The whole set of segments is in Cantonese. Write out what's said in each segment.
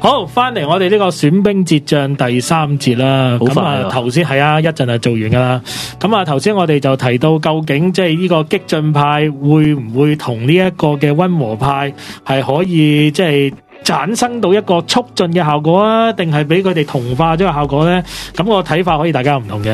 好，翻嚟我哋呢個損兵折將第三節啦。咁啊，頭先係啊，一陣就做完噶啦。咁啊，頭先我哋就提到究竟即係呢個激進派會唔會同呢一個嘅温和派係可以即係。就是產生到一個促進嘅效果啊，定係俾佢哋同化咗個效果呢？咁我睇法可以大家唔同嘅。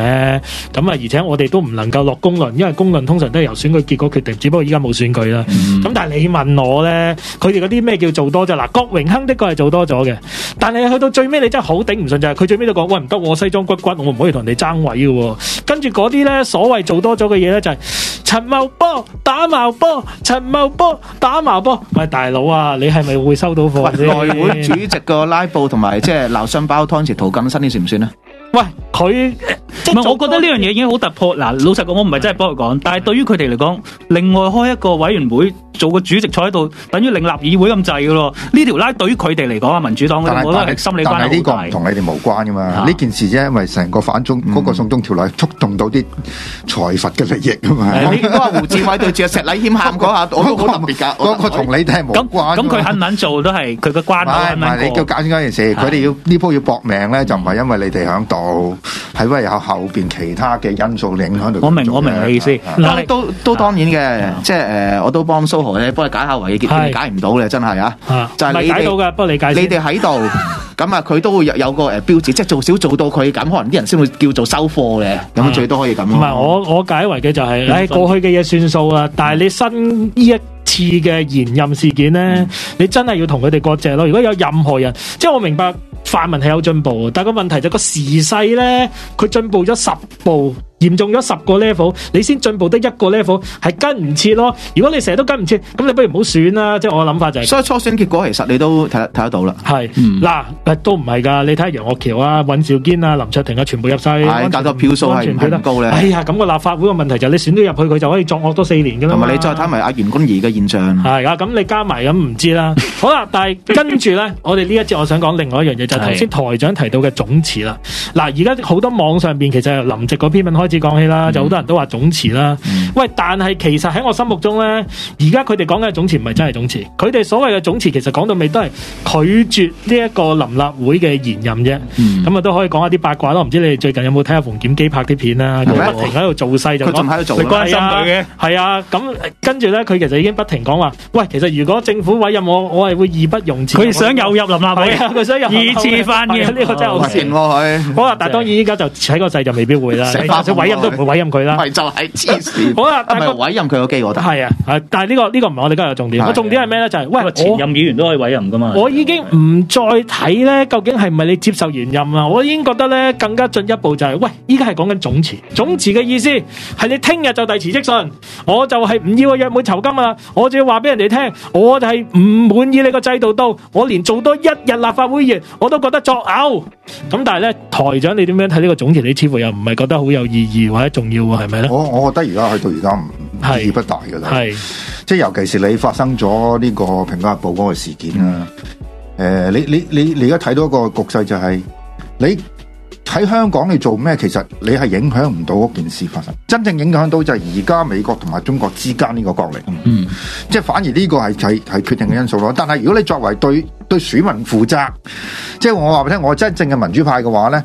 咁啊，而且我哋都唔能夠落公論，因為公論通常都係由選舉結果決定，只不過依家冇選舉啦。咁、嗯、但係你問我呢，佢哋嗰啲咩叫做多啫？嗱，郭榮鏗的確係做多咗嘅，但係去到最尾你真係好頂唔順就係、是、佢最尾都講，喂唔得，我西裝骨骨，我唔可以同人哋爭位嘅。跟住嗰啲呢，所謂做多咗嘅嘢呢，就係、是。陳茂波打茅波，陳茂波打茅波，打波喂大佬啊！你係咪會收到貨啊？內會主席個拉布同埋即係劉新包湯匙土根新呢算唔算啊？喂，佢唔係，我覺得呢樣嘢已經好突破。嗱，老實講，我唔係真係幫佢講，但係對於佢哋嚟講，另外開一個委員會，做個主席坐喺度，等於另立議會咁滯噶咯。呢條拉對於佢哋嚟講啊，民主黨咧，我覺得心理關係好大。但係呢個唔同你哋無關噶嘛，呢件事啫，因為成個反中嗰個送中條例觸動到啲財閥嘅利益啊嘛。嗰個胡志偉對住阿石禮謙喊嗰下，我都好特別噶。我同你睇係無關。咁咁佢肯唔肯做都係佢嘅關係。係咪你叫搞清楚件事，佢哋要呢鋪要搏命咧，就唔係因為你哋響度。好，係咪有後邊其他嘅因素的影響到？我明，我明嘅意思。但都都當然嘅，即係誒，我都幫蘇浩咧，幫佢解下圍嘅結，解唔到嘅真係啊。就係、是、解到嘅，不過你解你。你哋喺度，咁啊，佢都會有有個誒標誌，即 係做少做到佢咁，可能啲人先會叫做收貨嘅，咁最多可以咁。唔係，我我解圍嘅就係、是，誒，就是、過去嘅嘢算數啊，但係你新呢一次嘅延任事件咧、嗯，你真係要同佢哋割蓆咯。如果有任何人，即係我明白。泛民係有進步，但個問題就個時勢咧，佢進步咗十步。嚴重咗十個 level，你先進步得一個 level，係跟唔切咯。如果你成日都跟唔切，咁你不如唔好選啦。即係我諗法就係，所以初選結果其實你都睇睇得,得到啦。係，嗱、嗯啊，都唔係噶。你睇下楊岳橋啊、尹兆堅啊、林卓廷啊，全部入晒，係、哎，但個票數係唔高咧。哎呀，咁個立法會個問題就係你選咗入去，佢就可以作惡多四年噶啦。同埋你再睇埋阿袁君儀嘅現象。係啊，咁你加埋咁唔知啦。 好啦，但係跟住咧， 我哋呢一節我想講另外一樣嘢，就係頭先台長提到嘅總辭啦。嗱，而家好多網上邊其實林夕嗰篇文開始講起啦，嗯，就好多人都話總辭啦。喂，嗯，但係其實喺我心目中咧，而家佢哋講緊嘅總辭唔係真係總辭，佢哋所謂嘅總辭，其實講到尾都係拒絕呢一個林立會嘅延任啫。咁，嗯，啊，都可以講下啲八卦咯。唔知道你哋最近有冇睇下馮檢基拍啲片啦，啊？他們不停喺度做勢就講，佢仲喺做，關心佢嘅係啊。咁，啊，跟住咧，佢其實已經不停講話，喂，其實如果政府委任我，我係會義不容辭。佢想又入林立會佢，啊啊，想入林立會，啊，二次翻現，呢，啊這個真係好前喎佢。好啊，但係當然依家就喺個，就是，世就未必會啦。 委任都唔委任佢啦，咪就係黐線。好啦，唔係委任佢個機，我覺得係啊，係。但係呢個呢個唔係我哋今日重點。個重點係咩咧？就係喂，前任議員都可以委任噶嘛。我已經唔再睇咧，究竟係唔係你接受原任啦？我已經覺得咧，更加進一步就係喂，依家係講緊總辭。總辭嘅意思係你聽日就遞辭職信，我就係唔要約滿酬金啊！我仲要話俾人哋聽，我係唔滿意你個制度到，我連做多一日立法會議員我都覺得作嘔。咁但係咧，台長你點樣睇呢個總辭？你似乎又唔係覺得好有意義。意義或者重要啊，係咪咧？我我覺得而家去到而家唔意義不大噶啦，係即係，尤其是你發生咗呢個蘋果日報嗰個事件啦。誒、嗯呃，你你你你而家睇到一個局勢就係、是、你喺香港你做咩，其實你係影響唔到件事發生。真正影響到就係而家美國同埋中國之間呢個角力，嗯，即係反而呢個係係係決定嘅因素咯。但係如果你作為對、嗯、對選民負責，即係我話俾你聽，我真正嘅民主派嘅話咧，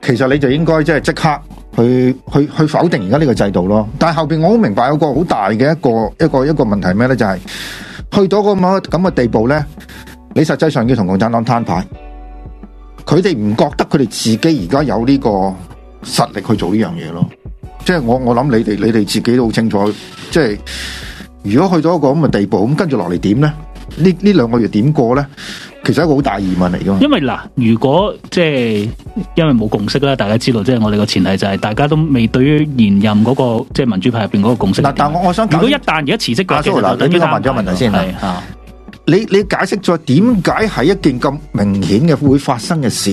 其實你就應該即係即刻。去去去否定而家呢個制度咯，但係後邊我好明白有個好大嘅一個一個一個，一個問題係咩咧？就係、是、去到咁咁嘅地步咧，你實際上要同共產黨攤牌，佢哋唔覺得佢哋自己而家有呢個實力去做呢樣嘢咯。即係我我諗你哋你哋自己都好清楚，即係如果去到一個咁嘅地步，咁跟住落嚟點咧？呢呢兩個月點過咧？其實一個好大疑問嚟噶嘛？因為嗱，如果即係、就是、因為冇共識啦，大家知道，即、就、係、是、我哋個前提就係大家都未對於現任嗰、那個即係、就是、民主派入邊嗰個共識。嗱，但我我想如果一旦而家辭職個問咗問題先。係吓、啊，你你解釋咗點解係一件咁明顯嘅會發生嘅事？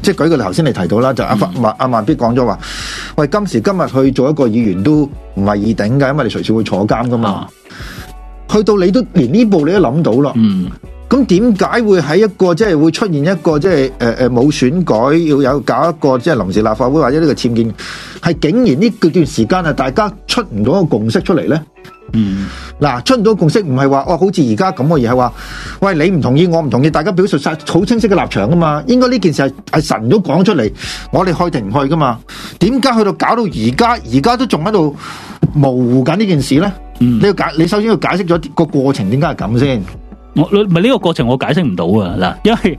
即係、啊、舉個頭先你提到啦，就阿阿阿萬必講咗話，喂，今時今日去做一個議員都唔係易頂噶，因為你隨時會坐監噶嘛、啊。去到你都連呢步你都諗到啦、啊。嗯。咁點解會喺一個即係、就是、會出現一個即係誒誒冇選改要有搞一個即係臨時立法會或者呢個僭建，係竟然呢段時間啊大家出唔到個共識出嚟咧？嗯、啊，嗱，出唔到共識唔係話哦好似而家咁嘅，而係話喂你唔同意我唔同意，大家表述晒好清晰嘅立場㗎嘛？應該呢件事係係神都講出嚟，我哋去定唔去噶嘛？點解去到搞到而家而家都仲喺度模糊緊呢件事咧？嗯，你要解你首先要解釋咗個過程點解係咁先。我咪呢個過程我解釋唔到啊，嗱，因為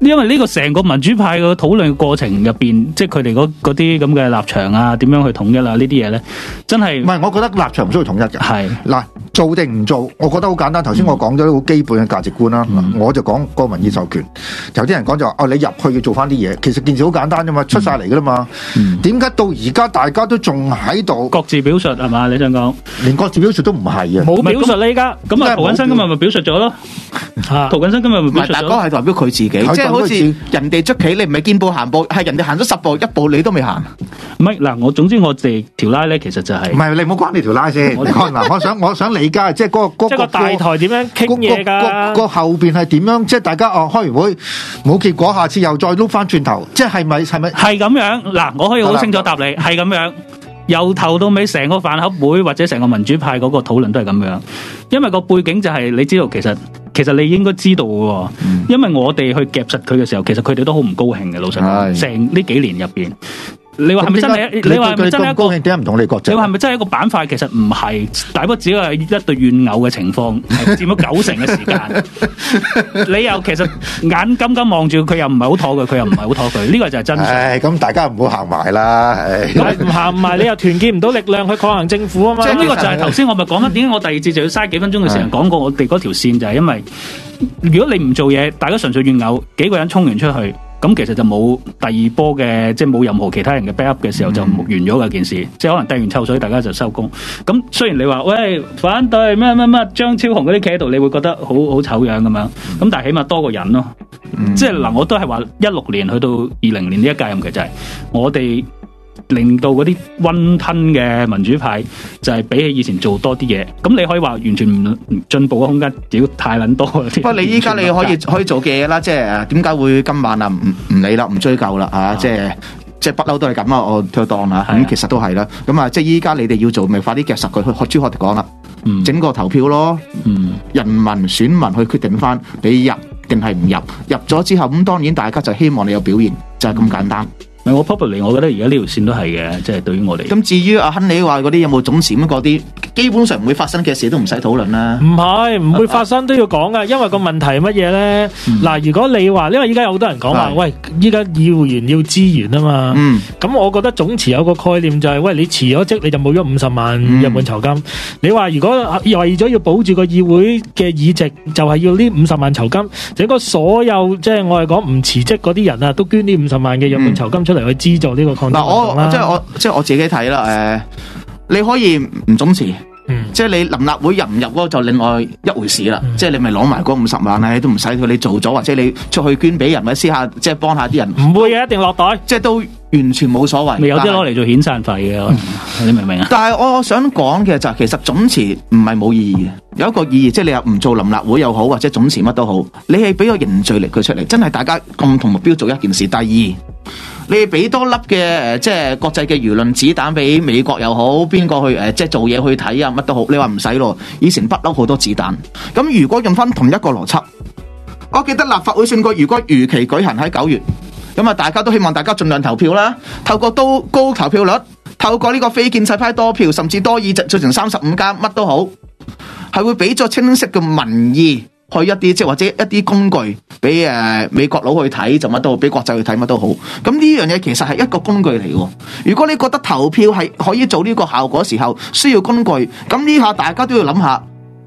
因為呢個成個民主派嘅討論過程入邊，即係佢哋嗰嗰啲咁嘅立場啊，點樣去統一啦？呢啲嘢咧，真係唔係，我覺得立場唔需要統一嘅，係嗱。做定唔做，我覺得好簡單。頭先我講咗好基本嘅價值觀啦、嗯，我就講個民意授權。有啲人講就話：哦，你入去要做翻啲嘢。其實件事好簡單啫嘛，出晒嚟噶啦嘛。點解到而家大家都仲喺度？各自表述係嘛？你想講？連各自表述都唔係啊，冇表述呢？依家咁啊？陶錦生今日咪表述咗咯？ 陶錦生今日咪表述咗？嗱，嗰係代表佢自己，即係好似人哋捉棋，你唔係見步行步，係人哋行咗十步，一步你都未行。唔係嗱，我總之我哋條拉咧，其實就係、係係唔係你唔好關你條拉先。我嗱，我想 我想你。家即係、嗰個嗰個大台點樣傾嘢噶？個後邊係點樣？即係大家哦、啊，開完會冇結果，下次又再碌翻轉頭，即係咪？係咪？係咁樣嗱？我可以好清楚答你，係咁樣。由頭到尾，成個飯盒會或者成個民主派嗰個討論都係咁樣。因為個背景就係、是，你知道，其實其實你應該知道嘅。因為我哋去夾實佢嘅時候，其實佢哋都好唔高興嘅。老實講，成呢幾年入邊。你話係咪真係？你話係咪真係一個？一個你話係咪真係一個板塊？其實唔係，大不只係一對怨偶嘅情況，佔咗九成嘅時間。 你又其實眼金金望住佢，又唔係好妥嘅，佢又唔係好妥佢。呢、這個就係真相。咁、哎、大家唔好行埋啦。唔行埋， 你又團結唔到力量去抗衡政府啊嘛。咁、就、呢、是這個就係頭先我咪講緊，點、嗯、解我第二節就要嘥幾分鐘嘅時間講過我哋嗰條線，就係、是、因為如果你唔做嘢，大家純粹怨偶，幾個人衝完出去。咁其實就冇第二波嘅，即係冇任何其他人嘅 backup 嘅時候就完咗嗰件事，嗯、即係可能掟完臭水，大家就收工。咁雖然你話喂，反對咩咩咩張超雄嗰啲企喺度，你會覺得好好醜樣咁樣，咁、嗯、但係起碼多個人咯。即係嗱，我都係話一六年去到二零年呢一屆任期就係、是、我哋。令到嗰啲溫吞嘅民主派就係比起以前做多啲嘢，咁你可以話完全唔進步嘅空間屌太捻多。不過你依家你可以可以做嘅嘢啦，即係誒點解會今晚啊唔唔理啦，唔追究啦吓，即係即係不嬲都係咁啊，我退當啦。咁其實都係啦，咁啊即係依家你哋要做，咪快啲夾實佢去學朱凱廸講啦，整個投票咯，人民選民去決定翻你入定係唔入，入咗之後咁當然大家就希望你有表現，就係咁簡單。我 probably，我覺得而家呢條線都係嘅，即係對於我哋。咁至於阿亨利話嗰啲有冇總閃嗰啲？基本上唔會發生嘅事都唔使討論啦。唔係唔會發生都要講噶，因為個問題係乜嘢咧？嗱、嗯，如果你話，因為依家有好多人講話，喂，依家議會員要資源啊嘛。咁、嗯、我覺得總辭有個概念就係、是，喂，你辭咗職你就冇咗五十萬日本酬金。嗯、你話如果以為咗要保住個議會嘅議席，就係、是、要呢五十萬酬金。整個所有即係、就是、我係講唔辭職嗰啲人啊，都捐呢五十萬嘅日本酬金出嚟去資助呢個抗疫啦。即、嗯、係我即係、就是我，就是、我自己睇啦。誒，你可以唔總辭。嗯、即係你臨立會入唔入嗰就另外一回事啦、嗯。即係你咪攞埋嗰五十萬咧，你都唔使佢你做咗，或者你出去捐俾人，咪私下即係幫下啲人，唔會嘅一定落袋。即係都完全冇所謂，有啲攞嚟做遣散費嘅、嗯，你明唔明啊？但係我想講嘅就係、是，其實總辭唔係冇意義嘅，有一個意義，即係你又唔做臨立會又好，或者總辭乜都好，你係俾個凝聚力佢出嚟，真係大家共同目標做一件事。第二。你哋俾多粒嘅即係國際嘅輿論子彈俾美國又好，邊個去即係做嘢去睇啊，乜都好。你話唔使咯，以前不嬲好多子彈。咁如果用翻同一個邏輯，我記得立法會選舉如果如期舉行喺九月，咁啊大家都希望大家盡量投票啦。透過都高投票率，透過呢個非建制派多票，甚至多議席做成三十五家，乜都好，係會俾咗清晰嘅民意。去一啲，即係或者一啲工具俾誒美國佬去睇，就乜都好，俾國際去睇，乜都好。咁呢樣嘢其實係一個工具嚟。如果你覺得投票係可以做呢個效果時候，需要工具，咁呢下大家都要諗下。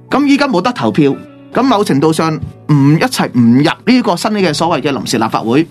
咁依家冇得投票，咁某程度上唔一齊唔入呢個新嘅所謂嘅臨時立法會，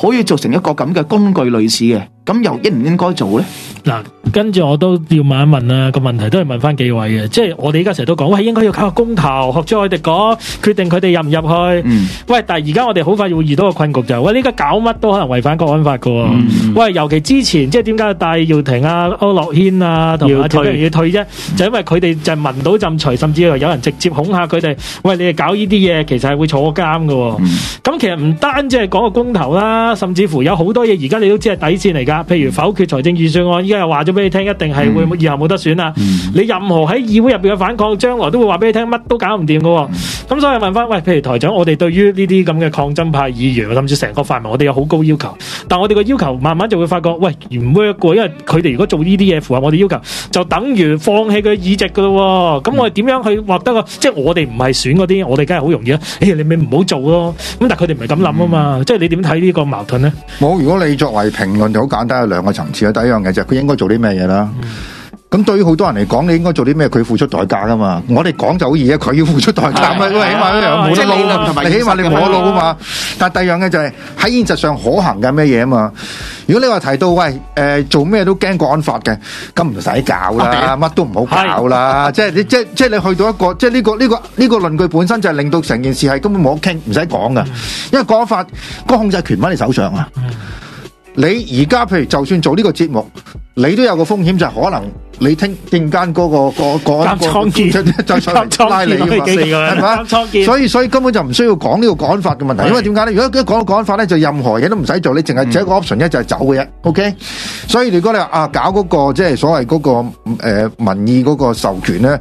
可以做成一個咁嘅工具類似嘅，咁又應唔應該做呢？嗱、嗯。跟住我都要問一問啊，個問題都係問翻幾位嘅，即係我哋依家成日都講，喂應該要搞個公投學咗佢哋講決定佢哋入唔入去、嗯。喂，但係而家我哋好快要遇到個困局就，喂呢家搞乜都可能違反國安法嘅、哦嗯嗯。喂，尤其之前即係點解戴耀廷啊、區諾軒啊要退要退啫、啊嗯？就因為佢哋就聞到陣除，甚至有人直接恐嚇佢哋，喂你哋搞呢啲嘢其實係會坐監嘅、哦。咁、嗯、其實唔單止係講個公投啦，甚至乎有好多嘢而家你都知係底線嚟噶，譬如否決財政預算案，依家又話咗俾。你聽一定係會以後冇得選啦、嗯嗯。你任何喺議會入邊嘅反抗，將來都會話俾你聽，乜都搞唔掂噶。咁、嗯、所以問翻，喂，譬如台長，我哋對於呢啲咁嘅抗爭派議員，甚至成個泛民，我哋有好高要求。但我哋個要求慢慢就會發覺，喂唔 work 噶，因為佢哋如果做呢啲嘢符合我哋要求，就等於放棄佢議席噶咯、哦。咁我哋點樣去獲得個、嗯？即係我哋唔係選嗰啲，我哋梗係好容易啦、哎。你咪唔好做咯、哦。咁但係佢哋唔係咁諗啊嘛。嗯、即係你點睇呢個矛盾咧？冇，如果你作為評論，就好簡單，有兩個層次。第一樣嘢就係佢應該做啲。咩嘢啦？咁對於好多人嚟講，你應該做啲咩？佢付出代價噶嘛？我哋講就好易啊，佢要付出代價啊嘛！起碼一樣冇得撈啊嘛！起碼你冇得撈啊嘛！但係第二樣嘢就係喺現實上可行嘅咩嘢啊嘛？如果你話提到喂誒做咩都驚國安法嘅，咁唔使搞啦，乜都唔好搞啦！即係你即即係你去到一個即係呢個呢個呢個論據本身就係令到成件事係根本冇得傾，唔使講噶，因為國安法個控制權喺你手上啊。你而家譬如就算做呢個節目，你都有個風險就係可能你聽中間嗰個個個一個就就拉你去四個，係咪？所以所以根本就唔需要講呢個國安法嘅問題，因為點解咧？如果一講到國安法咧，就任何嘢都唔使做，你淨係做一個 option 一就係走嘅啫。O K，所以如果你啊搞嗰個即係所謂嗰個誒民意嗰個授權咧，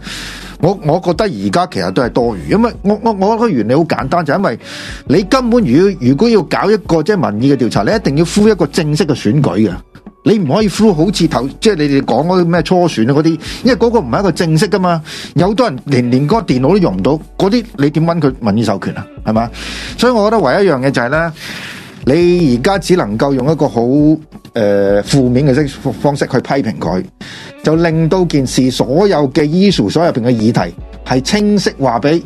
我我覺得而家其實都係多餘，因為我我我個原理好簡單，就因為你根本如果如果要搞一個即係民意嘅調查，你一定要呼一個正式嘅選舉嘅，你唔可以呼好似頭即係你哋講嗰啲咩初選啊嗰啲，因為嗰個唔係一個正式噶嘛，有好多人連連個電腦都用唔到，嗰啲你點揾佢民意授權啊？係嘛，所以我覺得唯一一樣嘢就係咧。你而家只能夠用一個好誒負面嘅方式去批評佢，就令到件事所有嘅 issue 所有入邊嘅議題係清晰話俾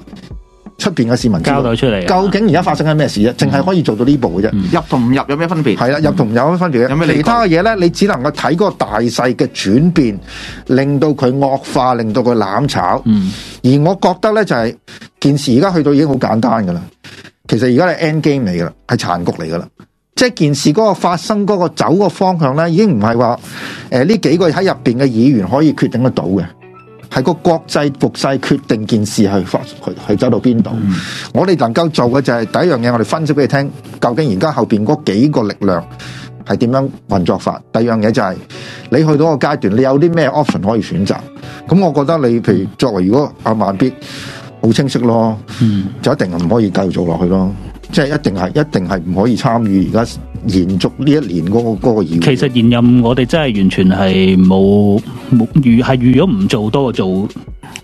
出邊嘅市民交代出嚟，究竟而家發生緊咩事啫？淨、嗯、係可以做到呢步嘅啫、嗯，入同唔入有咩分別？係啦、嗯，入同唔入有咩分別？其他嘅嘢咧，你只能夠睇嗰個大細嘅轉變，令到佢惡化，令到佢攬炒、嗯。而我覺得咧，就係、是、件事而家去到已經好簡單噶啦。其實而家係 end game 嚟噶啦，係殘局嚟噶啦。即係件事嗰個發生嗰個走個方向咧，已經唔係話誒呢幾個喺入邊嘅議員可以決定得到嘅，係個國際局勢決定件事係發去，去走到邊度、嗯。我哋能夠做嘅就係、是、第一樣嘢，我哋分析俾你聽，究竟而家後邊嗰幾個力量係點樣運作法。第二樣嘢就係、是、你去到個階段，你有啲咩 option 可以選擇。咁我覺得你譬如作為如果阿、啊、萬必。好清晰咯，嗯、就一定唔可以繼續做落去咯，即係一定係一定係唔可以參與而家延續呢一年嗰、嗰個嗰、嗰個議。其實現任我哋真係完全係冇冇預係預咗唔做多做，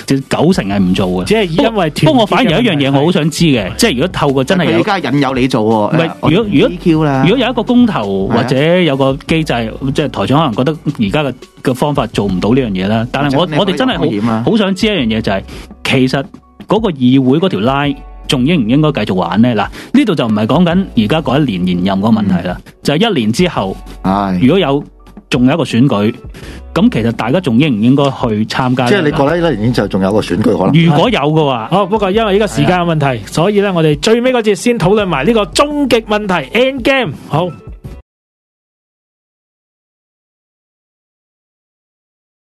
即、就係、九成係唔做嘅。即係因為，不過，不，過不過我反而有一樣嘢我好想知嘅，即係如果透過真係而家引誘你做、哦，唔係如果如果如果有一個公投或者有個機制，即係台長可能覺得而家嘅嘅方法做唔到呢樣嘢啦，但係我我哋真係好好、啊、想知一樣嘢就係、係、其實。嗰、嗰個議會嗰條 line 仲應唔應該繼續玩呢？嗱，呢度就唔係講緊而家嗰一年延任個問題啦，嗯、就係一年之後，哎、如果有仲有一個選舉，咁其實大家仲應唔應該去參加？即係你覺得一年就仲有個選舉可能？如果有嘅話，哦，不過因為呢個時間嘅問題，所以呢我哋最尾嗰節先討論埋呢個終極問題 End Game。好。